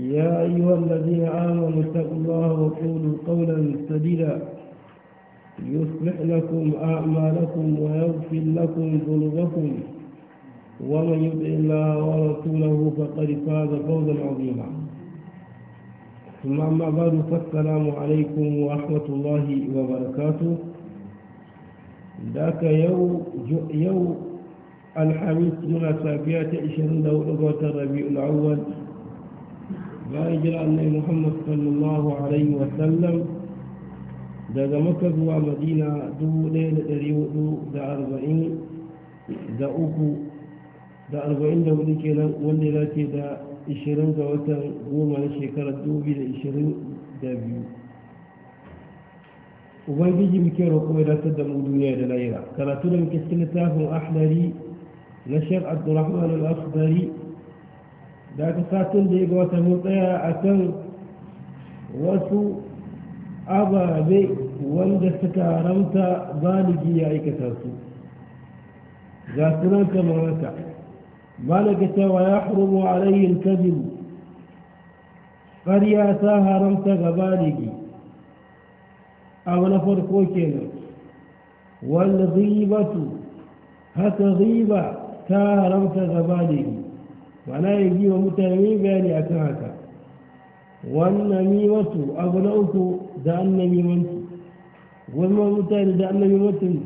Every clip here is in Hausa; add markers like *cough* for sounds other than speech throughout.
يا أيها الذين آمنوا اتقوا الله وقولوا قولا سديدا يصلح لكم أعمالكم ويغفر لكم ذنوبكم ومن يطع الله ورسوله فقد فاز فوزا عظيما ثم أما بعد فالسلام عليكم ورحمة الله وبركاته ذاك يوم يوم الحميد من سافية 24 ربيع الأول بارجر أن محمد صلى الله عليه وسلم دا مكه ومدينة دو ليلة ريو دو دا أربعين دا أوكو دا أربعين دا وليكي لن ولي لاتي دا إشيرين دا وطن وما نشيكار دو بي دا إشيرين دا بيو وبين بيجي بكي ركوة لا تدمو دنيا دا ليلة كراتونا مكسلتاهم أحلالي نشير عبد الرحمن الأخضري da aka satin da ya ga wata mun tsaya a kan wasu ababe wanda suka haramta baligi ya aikata su ga sunan kamar haka malaka cewa ya hurbu alayhin kadibu ƙarya ta haramta ga baligi abu na farko kenan wanda zibatu haka ziba ta haramta ga baligi mana ya yi wa mutane bayani a kan haka wannan wasu abu na uku da annabi wanci wannan mutane da annabi wanci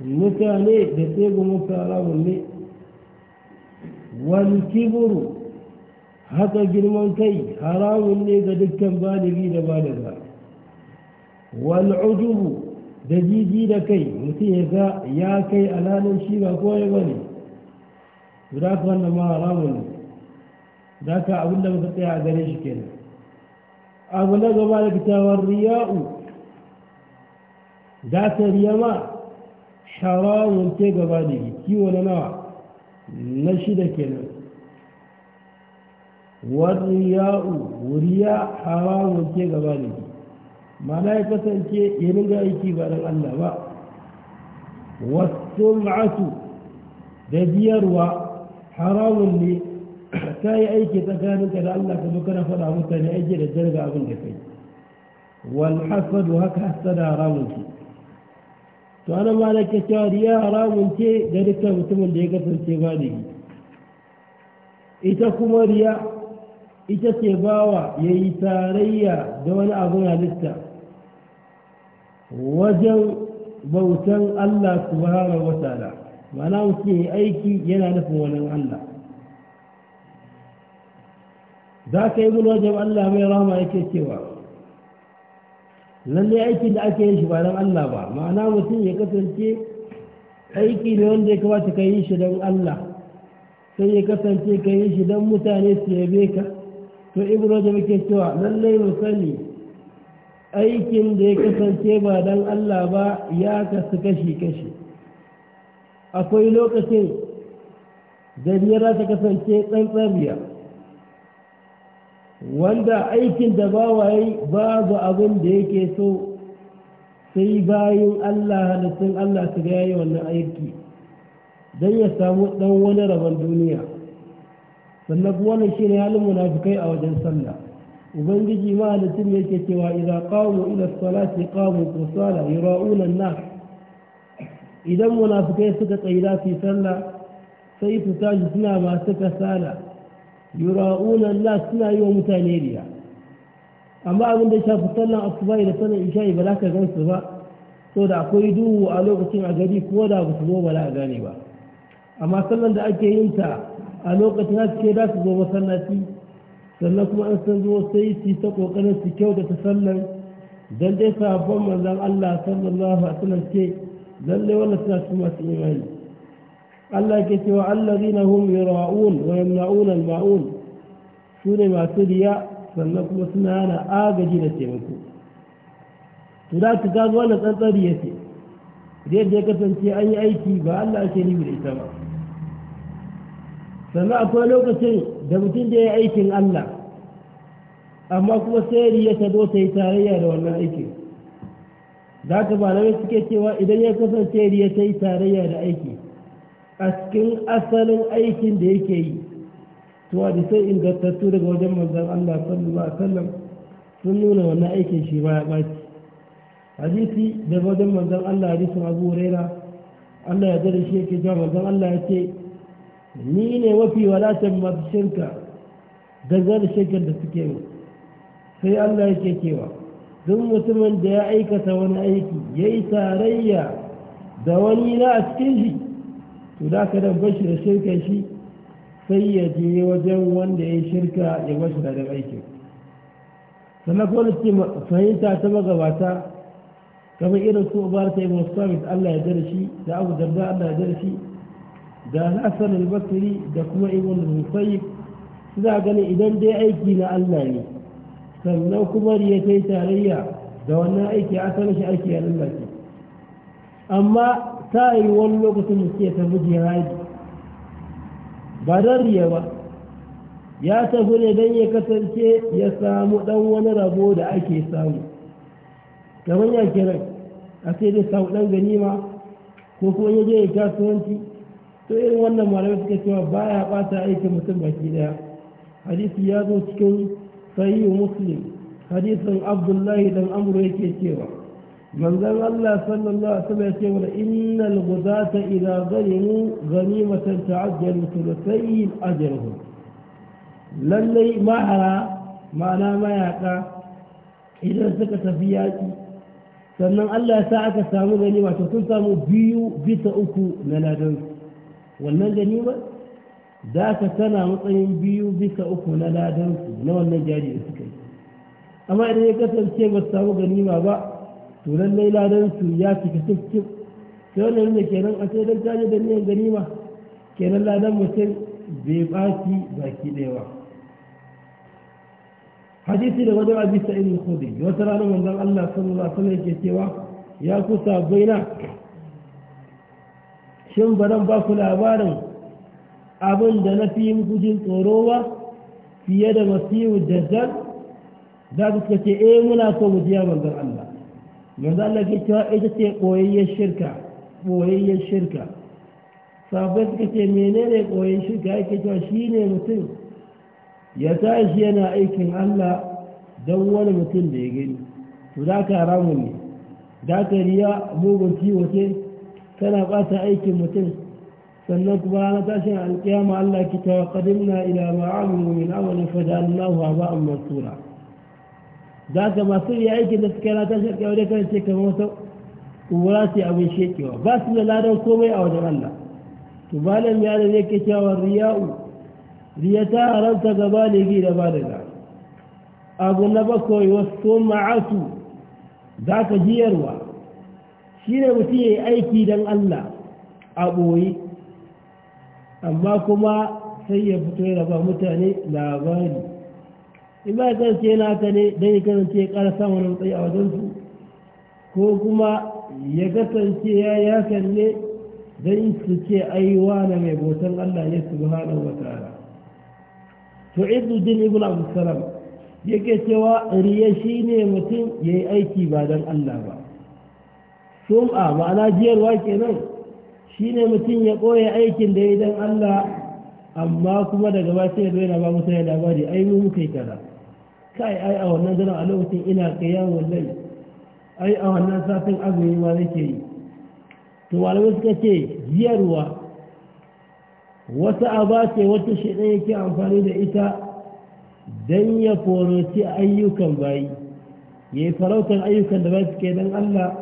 mutane da tsego musu haramun ne wani kiburu haka girman kai haramun ne ga dukkan baligi da balaga wani ujubu da jiji da kai mutum ya ga ya kai alamun shi ba kowai ba ne guda su wannan ma haramun ne da ka abin da muka tsaya a gare shi kenan abu na gaba da fitawar riya'u da ta riya ma haramun ce gaba da yi kiwo na nawa na shida kenan warriya'u wuriya, haramun ke gaba da yi mana ya kasance ya ga aiki ba don Allah ba wasu ma'asu da biyarwa haramun ne *clears throat* ta yi aiki tsakaninka da Allah kuma kana faɗa mutane aiki da jirga abin da kai wal hasadu haka hasada haramun ce to ana ma da cewa riya haramun ce ga dukkan mutumin da ya kasance ba da yi ita kuma riya ita ce bawa ya yi tarayya da wani abin halitta wajen bautan Allah subhanahu wa ta'ala ma'ana mutum ya aiki yana nufin wani Allah za ka yi ba Allah mai rahama yake cewa lalle aikin da ake yin shi ba don Allah ba ma'ana mutum ya kasance aiki ne wanda ya kamata ka yi shi don Allah sai ya kasance ka yi shi don mutane su yabe ka to ibn rajab yake cewa lallai mu sani aikin da ya kasance ba don Allah ba ya kasu kashi kashi akwai lokacin gajera ta kasance tsantsariya wanda aikin da ba ba babu abin da yake so sai bayan allah halittun allah su ga yi wannan aiki don ya samu dan wani rabon duniya sannan kuma shi ne halin munafikai a wajen sallah ubangiji ma halittun yake cewa idan kawo ila salati qamu da yi ra'unan nasu idan munafikai suka tsayi su sallah sai su tashi suna masu kasala yura'una Allah suna yi wa mutane riya amma abin da shafi sallan asuba da sallan isha'i ba za ka gan su ba so da akwai duhu a lokacin a gari ko da ba su zo ba za a gane ba amma sallan da ake yin ta a lokacin za su za su zo masallaci sannan kuma an san zo sai su ta kokarin su kyau da ta sallan dan dai sabon manzon Allah sallallahu alaihi wasallam ce lalle wannan suna cikin masu imani Allah ke cewa allazina hum yura'un wa yamna'un al-ma'un su ne masu riya sannan kuma suna yana agaji da taimako to da ka ga wannan tsantsari yace da ya kasance an yi aiki ba Allah ake nufi da ita ba sannan akwai lokacin da mutum da ya yi aikin Allah amma kuma sai riya ta zo ta yi tarayya da wannan aikin za ka malamai suke cewa idan ya kasance riya ta yi tarayya da aiki a cikin asalin aikin da yake yi to a da sai ingantattu daga wajen manzan Allah sallallahu alaihi wasallam sun nuna wannan aikin shi ba ya ɓaci hadisi daga wajen manzan Allah hadisin Abu Huraira Allah ya da shi yake cewa manzan Allah ya ce ni ne mafi walatan masu shirka da shirkar da suke mu sai Allah yake cewa duk mutumin da ya aikata wani aiki ya yi tarayya da wani na a cikin shi to da ka dan bashi da shirka shi sai ya je wajen wanda ya shirka ya bashi da aikin sannan kuma da ce fahimta ta magabata kamar irin su ubar ta yi musamman allah ya darshi da abu darda allah ya darshi da hassan albasiri da kuma ibn musayyib suna ganin idan dai aiki na allah ne sannan kuma ya ta yi tarayya da wannan aiki sanar shi aiki a lallace amma ta yi wani lokacin da suke tafi jihadi ba don riya ba ya tafi ne don ya kasance ya samu dan wani rabo da ake samu kamar ya kiran a sai dai samu dan ganima ko kuma ya je ya kasuwanci to irin wannan malamai suka cewa baya bata aikin mutum baki daya hadisi ya zo cikin صحيح مسلم حديث عبد الله بن امر يكيتوا من قال الله صلى الله عليه وسلم ان الغزاة اذا ظلموا غنيمة تعجل ثلثين اجرهم للي ما حرى معنى ما يعطى اذا سكت في sannan Allah ya sa aka samu gani wato sun samu biyu bisa uku na ladan wannan gani ba za ka tana matsayin biyu bisa uku na ladansu na wannan jari da suka yi amma idan ya kasance ba su samu ganima ba to lallai ladansu ya cika cikin sai wannan ne kenan a sai don taje da niyan ganima kenan ladan mutum bai baki baki ɗaya hadisi da wajen abi sa'id al-khudri wata rana manzon Allah sallallahu alaihi wasallam yake cewa ya kusa baina shin baran ba ku labarin abin da na fi muku jin tsoro ba fiye da masihu dajjal za ku suka ce eh muna so mu jiya bangar Allah yanzu Allah ke cewa ita ce koyayyar shirka koyayyar shirka sabai suka ce menene koyayyar shirka ake cewa shi ne mutum ya tashi yana aikin Allah don wani mutum da ya gani to za ka ramu ne za ka riya mugun ciwo ce tana ɓata aikin mutum sannan kuma ranar tashin alƙiyama Allah ki ta na ila ma amilu min amalin fa ba haba'an mansura za ka masu yi aiki da suka yana tashin alƙiyama da kan ce kamar wata ƙura ce abin shekewa ba su da ladan komai a wajen Allah to malam ya da zai ke cewa riya'u riya ta haramta gaba ligi da ba da abu na bakwai wasu ma'asu za ka jiyarwa shi ne mutum ya yi aiki don Allah a ɓoye amma kuma sai ya fito ya raba mutane labari in ba ce na ta ne don ya kasance karsa wani matsayi a wajensu ko kuma ya kasance ya yakan ne don su ce aiwa na mai bautan allah ne su hana wata to izuddin ibn abu salam yake cewa riya shi ne mutum ya yi aiki ba don allah ba sum'a ma'ana jiyarwa kenan shi ne mutum ya ɓoye aikin da ya dan Allah amma kuma daga ba sai yana ba musa ya labari ai mu muka yi kaza kai ai a wannan daren a lokacin ina kiyamun wallahi ai a wannan satin azumi ma nake yi to malamai suka ce jiyarwa wata aba ce wata shaidan yake amfani da ita don ya foroci ayyukan bayi ya yi farautar ayyukan da ba su ke don Allah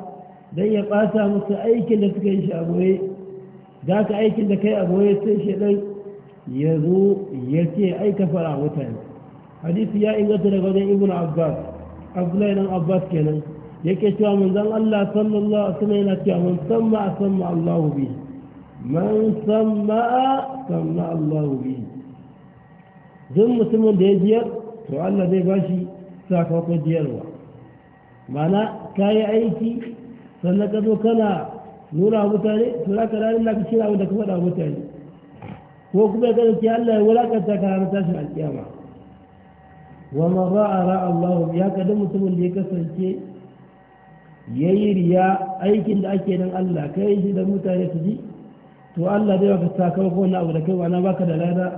don ya ɓata musu aikin da suka yi shi a da haka aikin da kai a ya sai shaidan ya zo ya ce aika fara mutane hadisi ya inganta daga wajen ibn abbas abdullahi dan abbas kenan yake cewa mun zan Allah sallallahu alaihi wasallam yana cewa man samma samma Allah bi man san samma Allah bi duk mutumin da ya jiyar to Allah zai bashi sakamakon jiyarwa mana yi aiki sannan ka zo kana nuna mutane to za ka rari na kira wanda ka faɗa mutane ko kuma ya kasance Allah ya wulakanta ka ranar tashin alƙiyama wa ma a ra Allah ya kada mutumin da ya kasance ya yi riya aikin da ake nan Allah ka yi shi da mutane su ji to Allah zai baka sakamako wani abu da kai ba baka da lada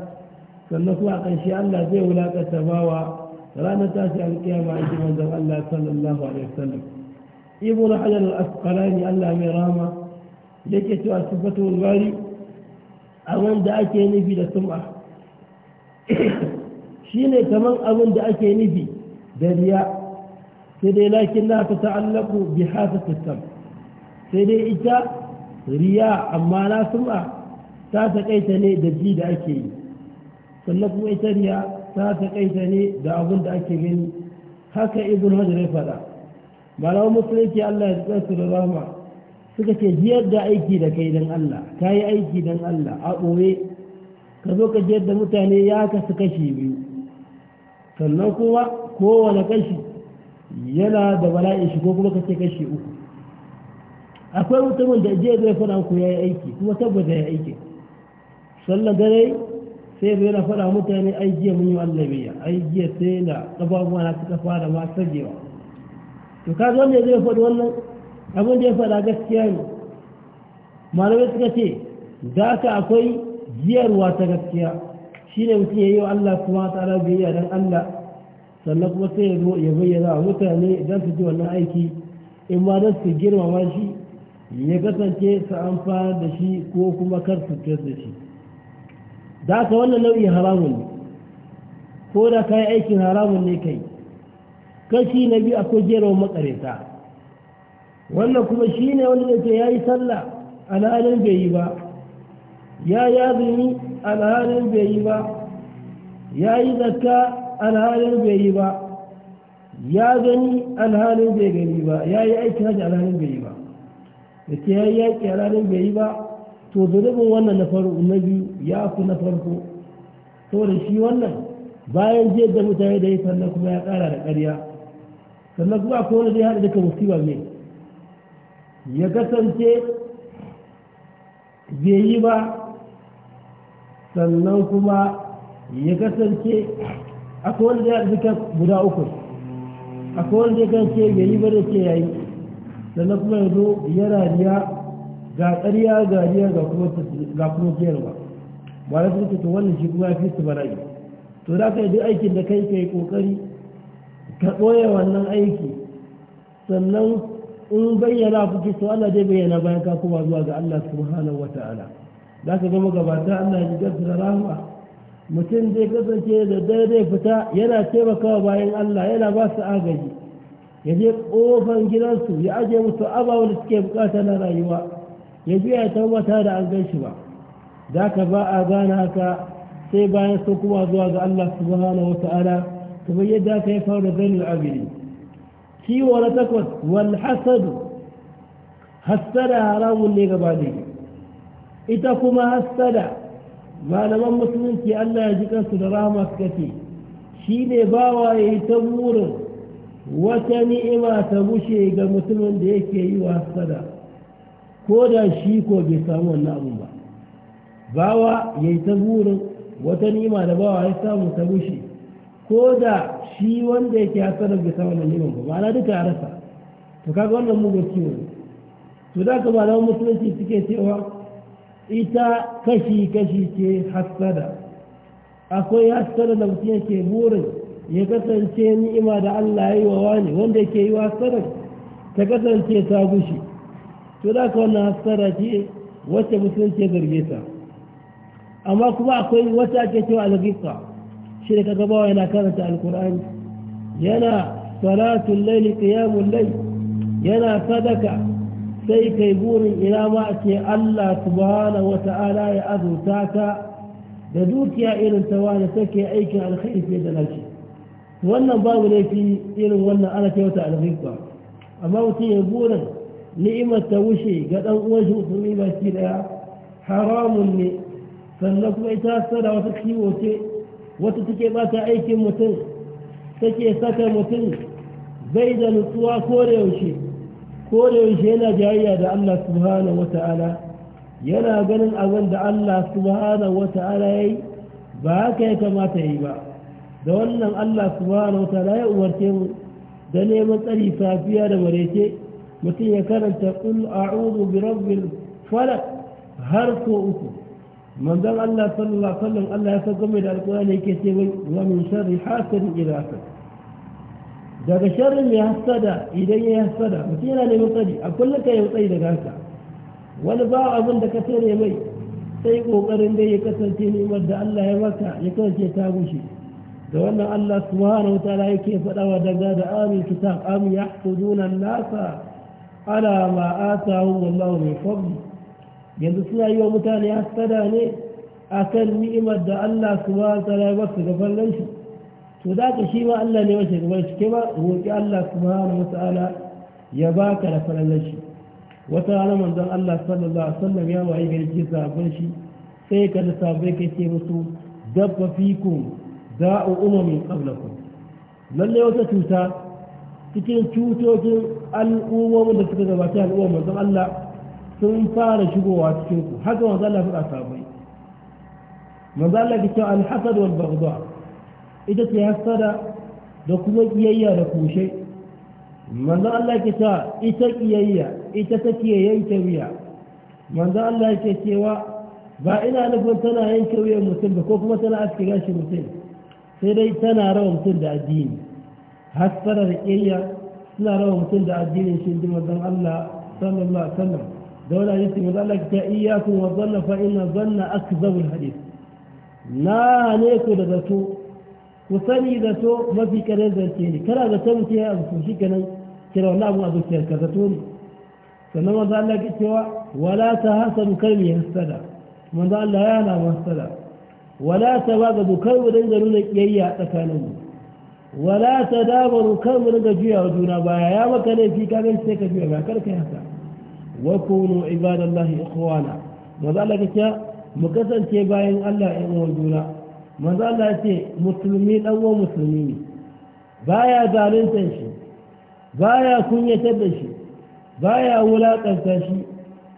sannan kuma a ƙarshe Allah zai wulakanta bawa ranar tashin alƙiyama a cikin manzon Allah sallallahu alaihi wasallam ibnu hajar al-asqalani Allah mai rama yake cewa sifatul gari a wanda ake nufi da sum'a *coughs* shine kaman abin da ake nufi da riya sai dai lakin na ta ta'allaku bi hasatis tattam sai dai ita riya amma na sum'a ta taƙaita ne da ji da ake yi sannan kuma ita riya ta taƙaita ne da abin da ake gani haka ibn hajar ya faɗa malamin musulunci Allah ya tsaya su da rahama suka ce jiyar da aiki da kai don Allah ka yi aiki don Allah a ɓoye ka zo ka jiyar da mutane ya kasu kashi biyu sannan kuma kowane kashi yana da bala'in shi ko kuma ka kashi uku akwai mutumin da jiyar zai faɗa ku ya yi aiki kuma tabbata ya aiki sallan dare sai zai na faɗa mutane ai jiya mun yi Allah biya. ai jiya sai da ƙafafuwa na suka fara ma sajewa to ka zo ne zai faɗi wannan abin da ya faɗa gaskiya ne malamai suka ce za ka akwai jiyarwa ta gaskiya shi ne mutum ya yi wa Allah kuma tsara biyayya don Allah sannan kuma sai ya bayyana wa mutane don su ji wannan aiki in ma don su girmama shi ya kasance su amfana da shi ko kuma kar su da shi da ka wannan nau'i haramun ne ko da ka yi aikin haramun ne kai kashi na biyu akwai jerawar makareta wannan kuma shi ne wanda da ke ya yi sallah alhalin bai yi ba ya yi azumi alhalin bai yi ba ya yi zakka alhalin bai yi ba ya gani alhalin bai gani ba ya yi aiki hajji alhalin bai yi ba da ke ya yi yaƙi alhalin bai yi ba to zurubin wannan na faru na biyu ya fi na farko saboda shi wannan bayan jiyar da mutane da yi sannan kuma ya ƙara da ƙarya sannan kuma akwai wani zai haɗa duka musiba ne ya kasance bai yi ba sannan kuma ya kasance akwai wanda ya zika guda uku akwai wanda ya kasance bai yi ba da ke yayi sannan kuma ya zo ya rariya ga tsariya ga riya ga kuma ciyarwa ba da suke to wannan shi kuma ya fi su yi to da ka yi duk aikin da kai ka yi kokari ka ɓoye wannan aiki sannan in bayyana kuke to Allah zai bayyana bayan ka koma zuwa ga Allah subhanahu wata'ala za ka zama gabata Allah ya gasu da rahama mutum zai kasance da daidai fita yana taimakawa bayan Allah yana ba su agaji ya je kofan gidansu ya aje musu abawa da suke bukata na rayuwa ya biya ya tabbata da an gan shi ba za ka ba a gane haka sai bayan sun kuma zuwa ga Allah subhanahu wata'ala kamar yadda ka yi faru da zanen abiri kiwo na takwas wal hasadu hassada haramun ne gaba ne ita kuma hassada malaman musulunci Allah ya ji kansu da rahama suka ce shi ne bawa ya yi ta burin wata ni'ima ta bushe ga mutumin da yake yi wa hassada ko da shi ko bai samu wannan abu ba bawa ya yi ta burin wata ni'ima da bawa ya samu ta bushe ko da shi wanda yake hasarar sama da neman ba ma'ana duka a rasa to kaga wannan mugun ciwo ne to da ka malaman musulunci suke cewa ita kashi-kashi ce hassada akwai hassada da mutum yake burin ya kasance ni'ima da Allah ya yi wa wani wanda yake yi wa hassadar ta kasance ta gushi to da ka wannan hassada ce wacce musulunci ya zarge ta amma kuma akwai wata ake cewa algisa shi da bawa yana karanta alkur'ani yana salatun laili qiyamul layl yana sadaka sai kai burin ina ma a ce Allah subhanahu wata'ala ya azurta ka da dukiya irin ta wani take aikin alkhairi fiye da nashi wannan babu laifi irin wannan ana kyauta alhikwa amma mutum ya burin ni'imar ta wuce ga dan uwan shi musulmi baki daya haramun ne sannan kuma ita sada wata kiwo ce wata take bata aikin mutum take saka mutum bai da nutsuwa kodayaushe kodayaushe yana jayayya da Allah subhanahu wa ta'ala yana ganin abin da Allah subhanahu wa ta'ala ya yi ba haka ya kamata ya yi ba da wannan Allah subhanahu wa ta'ala ya umarce mu da neman tsari safiya da marece mutum ya karanta kul a'udhu bi rabbil falaq har ko uku من دام الله صلى الله عليه وسلم قال يتقم إلى القرآن الكتاب ومن شر حاسد إلى حسر ذلك شر يحسد إليه يحسد مثيرا لمطدي أقول لك يا يمطي لك ولباع عبد كثير مي. سيقو قرن بي كثير تيني مدى الله يمكى يكون لو ان الله سبحانه وتعالى كيف أدوى هذا امن الكتاب أم يحفظون الناس على ما آتاهم الله من فضل yanzu suna yi wa mutane hasada ne a kan ni'imar da Allah su ba ta su gaban nan shi to za ka shi ma Allah ne wace gaban shi ke ba roƙi Allah su ba wa ta'ala ya ba ka da farallar shi wata rana manzon Allah sallallahu alaihi wasallam ya wayi gari ke sabon shi sai ka da sabai ce musu dabba fikum da'u umamin qablakum lalle wata cuta cikin cutocin al'ummomin da suka gabata al'ummar manzon Allah sun fara shigowa cikin ku haka manzo Allah faɗa sabai manzo Allah ya ce al-hasad wal baghdha ita ce hasada da kuma kiyayya da kushe manzo Allah ya ce ita kiyayya ita take yanke wuya manzo Allah ya cewa ba ina nufin tana yanke wuyan mutum ba ko kuma tana aske gashi mutum sai dai tana rawa mutum da addini hasara da kiyayya suna rawa mutum da addinin shi manzo Allah sallallahu alaihi wasallam دولا حديث من ذلك إياكم والظن فإن الظن أكذب الحديث لا نيكو دادتو وثاني دادتو ما في كلام ذاتيني كلا ذاتو متيها أبو سوشي كلا والله أبو أبو سيها كذاتوني فإنما ذلك إتوا ولا تهاسدوا كلمة هستدى من ذا الله يانا مهستدى ولا تباغدوا كلمة دنجلون إيايا تكالمون ولا تدابر كلم دنجلون جويا وجونا بايا يا مكالي في كامل سيكا جيا بايا كلا كيها وكونوا عباد الله إخوانا ماذا لك مكسن تباين الله إموجونا ماذا لك مسلمين أو مسلمين بايا دارين تنشي بايا كنية تنشي بايا ولا تنشي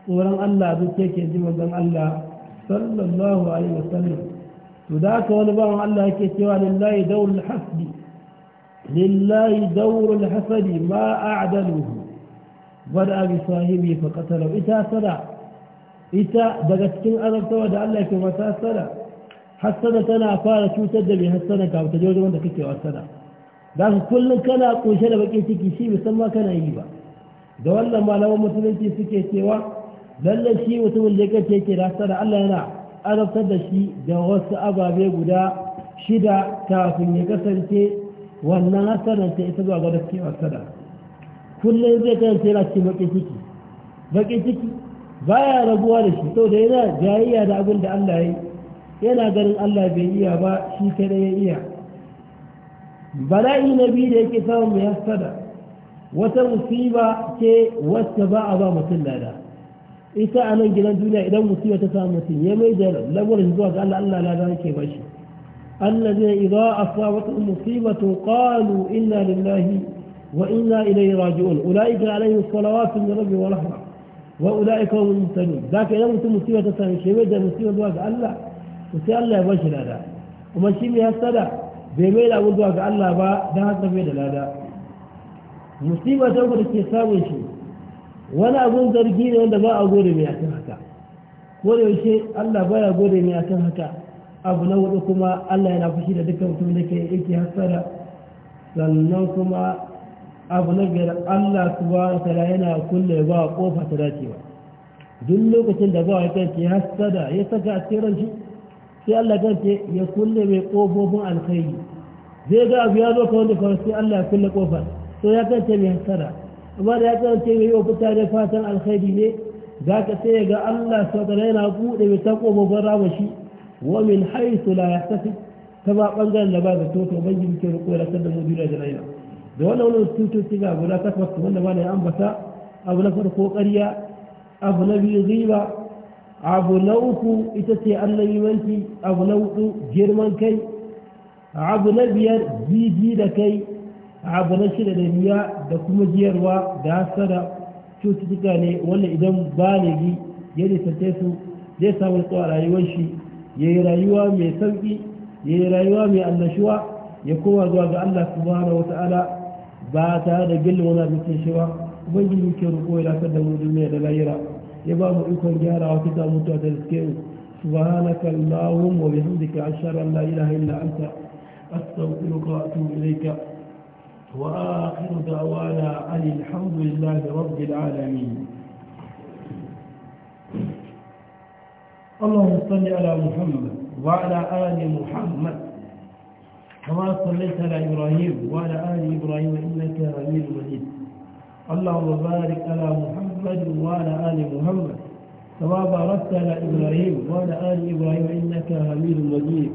ورن الله بكيك يجب أن الله صلى الله عليه وسلم وذاك ونبغى الله كتوى لله دور الحسد لله دور الحسد ما أعدله wada abi sahibi fa qatala ita sada ita daga cikin azabtawa da Allah ke mata sada hasada tana fara cutar da bai hasada ka ta jojo wanda kake wasada da su kullun kana kunshe da bakin ciki shi musamman kana yi ba da wannan malaman musulunci suke cewa lallai shi mutumin da kace yake da hasada Allah yana azabtar da shi da wasu ababe guda shida kafin ya kasance wannan hasadan ta ita zuwa ga gaskewar sadaka kullum zai kasance yana cikin baƙin ciki baƙin ciki baya rabuwa da shi da yana jayayya da abin da Allah ya yi yana ganin Allah bai iya ba shi kada ya iya bala'i na biyu da yake samun mai hasada wata musiba ce wacce ba a ba mutum lada ita a nan gidan duniya idan musiba ta samu mutum ya mai da zuwa ga Allah Allah lada yake ba shi Allah zai idza musiba to qalu inna lillahi وإنا إليه راجعون أولئك عليهم الصلوات من ربي ورحمة وأولئك هم المهتدون ذاك إذا أنت مصيبة تسامي شيء وجه مصيبة دواك ألا وسي الله يبشر هذا وما شيء يهسد بيميل أول دواك ألا با ده هذا بيد هذا مصيبة تقول استيسام شيء ولا أقول ذرقين ولا ما أقول مياه هكا ولا شيء الله با يقول مياه هكا abu na hudu kuma Allah yana fushi da dukkan mutum abu na biyar Allah subhanahu wa ta'ala yana kulle ba kofa ta dacewa duk lokacin da ba ya kanci hasada ya saka a tseren shi sai Allah kanci ya kulle mai kofofin alkhairi zai ga abu ya zo ka wanda kawai sai Allah ya kulle kofar to ya kanci mai hasada amma da ya kanci mai yi wa mutane fatan alkhairi ne za ka sai ga Allah subhanahu wa ta'ala yana buɗe mai ta kofofin rawashi wa min haisu la yahtasib ta ba bangaren da ba zato to ubangiji ke roƙo da kada mu duniya da rayuwa da wannan wani tutoci ga guda takwas wanda ma ya ambata abu na farko ƙarya abu na biyu riba abu na uku ita ce annabimanci abu na hudu girman kai abu na biyar jiji da kai abu na shida da biya da kuma jiyarwa da hasara cututtuka ne wanda idan bi ya nisance su zai samu tsawa rayuwar shi ya yi rayuwa mai sauƙi ya yi rayuwa mai annashuwa ya koma zuwa ga allah subhanahu wa ta'ala ba tare da gilla wani abin sun shewa ubangiji ke roƙo ya lafar da mu duniya da lahira ya ba mu ikon gyarawa ta ta mutuwa da riske mu subhanaka allahumma wa bihamdika ashhadu an la ilaha illa anta astaghfiruka wa atubu ilayka واخر دعوانا ان الحمد لله رب العالمين اللهم صل على محمد وعلى ال محمد كما صليت على إبراهيم وعلى آل إبراهيم إنك حميد مجيد اللهم بارك على محمد وعلى آل محمد كما باركت على إبراهيم وعلى آل إبراهيم إنك حميد مجيد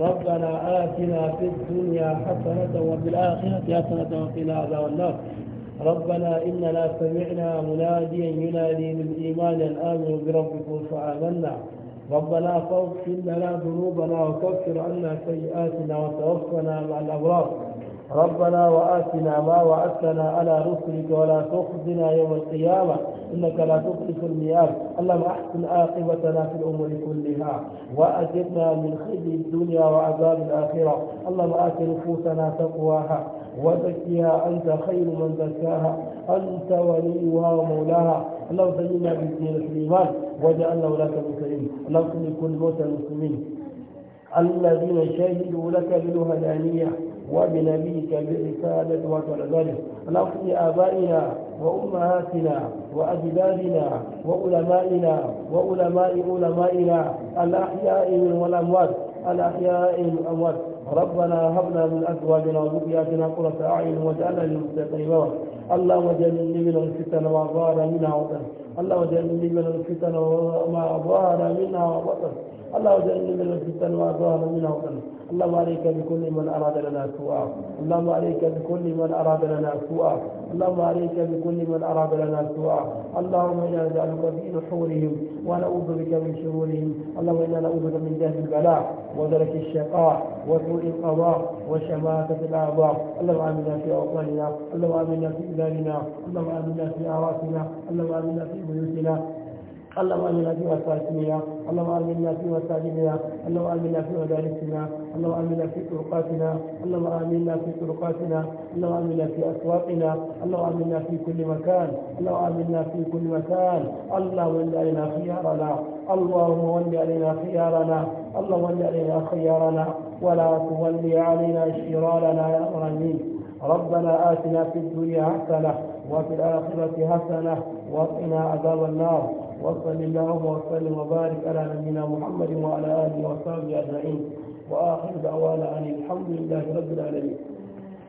ربنا آتنا في الدنيا حسنة وفي الآخرة حسنة وقنا عذاب النار ربنا إننا سمعنا مناديا ينادي بالايمان الآمن بربكم فآمنا ربنا فاغفر لنا ذنوبنا وكفر عنا سيئاتنا وتوفنا مع الأبرار ربنا وآتنا ما وعدتنا على رسلك ولا تخزنا يوم القيامة إنك لا تخلف المياه اللهم أحسن عاقبتنا في الأمور كلها وأجرنا من خزي الدنيا وعذاب الآخرة اللهم آت نفوسنا تقواها وزكها أنت خير من زكاها أنت وليها ومولاها اللهم سلمنا بالدين الإيمان وجعلنا ولاة المسلمين اللهم سلم كل موت المسلمين الذين شهدوا لك بالوهدانية وبنبيك بالرسالة وكل ذلك اللهم آبائنا وأمهاتنا وأجدادنا وعلمائنا وعلماء علمائنا الأحياء والأموات الأحياء والأموات ربنا هبنا من أزواجنا وذرياتنا قرة أعين واجعلنا للمتقين اللهم جنبني من الفتن وما ظهر منها وبطن اللهم جنبني من الفتن وما ظهر منها وبطن الله اجعلني من الفتن وارضانا منه وقنا اللهم عليك بكل من اراد لنا سوءا اللهم عليك بكل من اراد لنا سوءا اللهم عليك بكل من اراد لنا سوءا اللهم انا نجعلك في نحورهم ونعوذ بك من شرورهم اللهم انا نعوذ بك من جهل البلاء ودرك الشقاء وسوء القضاء وشماتة الاعضاء اللهم امنا في اوطاننا اللهم امنا في بلادنا اللهم امنا في اعراقنا اللهم امنا في بيوتنا اللهم امنا في مساجدنا اللهم امنا في مساجدنا اللهم امنا في مدارسنا اللهم امنا في طرقاتنا اللهم امنا في طرقاتنا اللهم امنا في اسواقنا اللهم امنا في كل مكان اللهم امنا في كل مكان اللهم ول علينا خيارنا اللهم ول علينا خيارنا اللهم ول علينا خيارنا ولا تولي علينا شرارنا يا رحمين ربنا آتنا في الدنيا حسنة وفي الآخرة حسنة وقنا عذاب النار وصل اللهم وسلم وبارك على نبينا محمد وعلى اله وصحبه اجمعين واخر دعوانا ان الحمد لله رب العالمين